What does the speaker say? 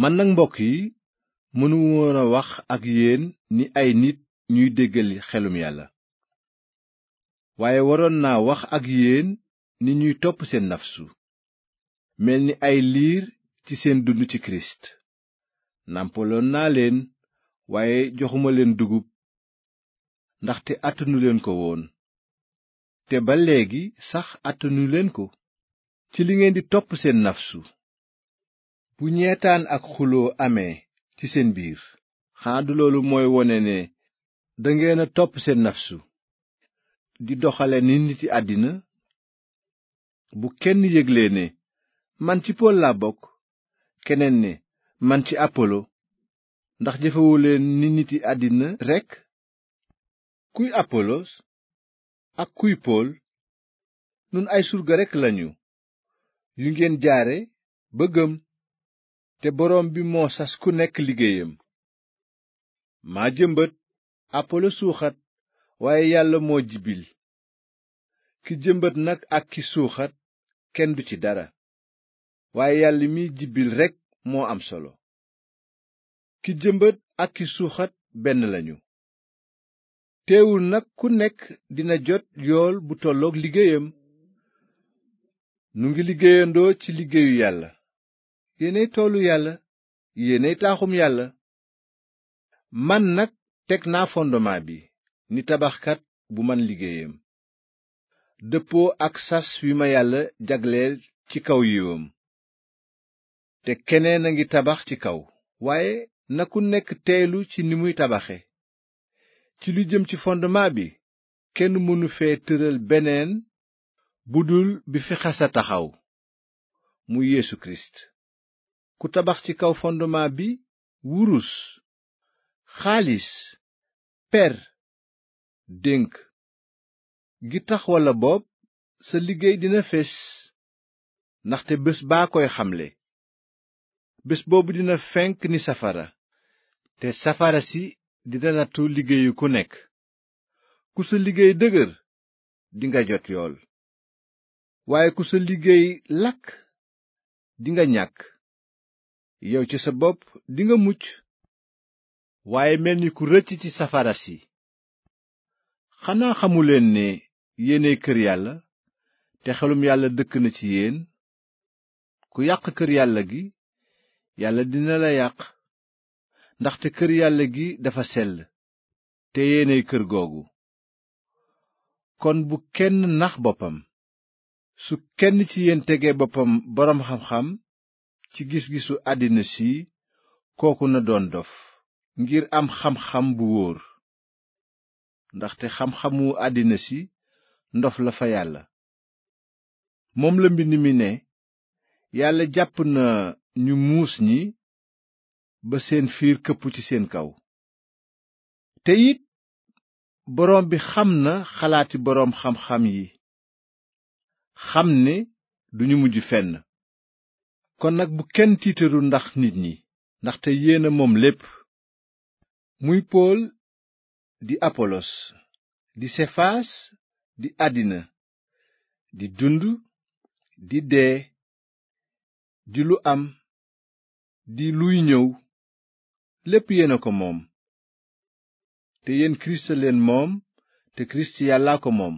man nag mbokk yi mënu woon a wax ak yéen ni ay nit ñuy déggal xelum yàlla waaye waroon naa wax ak yéen ni ñuy topp seen nafsu mel ni ay liir ci seen dund ci kirist nàmpaloon naa leen waaye joxuma leen dugub ndaxte àttanu leen ko woon te ba léegi sax àttanu leen ko ci li ngeen di topp seen nafsu bu ñeetaan ak xuloo amee ci seen biir xanaa du loolu mooy wone ne dangeen a topp seen nafsu di doxale ni niti àddina bu kenn yëgle ne man ci pool laa bokk keneen ne man ci apolo ndax jëfewuleen ni niti àddina rekk kuy apolos ak kuy pool nun ay surga rekk lañu yu ngeen jaare ba gëm te boroom bi moo sas ku nekk liggéeyam maa jëmbat apolo suuxat waaye yàlla moo jibil ki jëmbat nag ak ki suuxat kenn du ci dara waaye yàlla mi jibil rekk moo am solo ki jëmbët ak ki suuxat benn lañu teewul nag ku nekk dina jot yool bu tollook liggéeyam nu ngi liggéeyandoo ci liggéeyu yàlla yéenay toolu yàlla yéenay taaxum yàlla man nag teg naa fondement bi ni tabaxkat bu man liggéeyam dëppoo ak sas wi ma yàlla jagleel ci kaw yiwam te keneen a ngi tabax ci kaw waaye na ku nekk teelu ci ni muy tabaxe ci lu jëm ci fondement bi kenn mënu fee tëral beneen budul bi fi xasa taxaw mu Yeesu Kirist ku tabax ci kaw fondement bi wurus xaalis per dénk gi tax walla bopp sa liggéey dina fés ndaxte bés baa koy xamle bés boobu dina fenk ni safara te safara si dina nattu liggéeyu ku nekk ku sa liggéey dëgër dinga jot yool waaye ku sa liggéey lakk dinga ñàkk yow ci sa bopp dinga mucc waaye mel ni ku rëcc ci safara si xanaa xamuleen ne yéenay kër yàlla te xelum yàlla dëkk na ci yéen ku yàq kër yàlla gi yàlla dina la yàq ndaxte kër yàlla gi dafa sell te yéenay kër googu kon bu kenn nax boppam su kenn ci yéen tege boppam boroom xam-xam ci gis-gisu àddina si kooku na doon dof ngir am xam-xam bu wóor ndaxte xam-xamu àddina si ndof la fa yàlla moom la mbind mi ne yàlla jàpp na ñu muus ñi ba seen fiir këpp ci seen kaw te it boroom bi xam na xalaati boroom xam-xam yi xam ne duñu mujj fenn kon nag bu kenn tiitaru ndax nit ñi ndaxte yéen a moom lépp muy pool di apolos di sefaas di àddina di dund di dee di lu am di luy ñëw lépp yéen a ko moom te yéen kirist moom te kirist yàllaa ko moom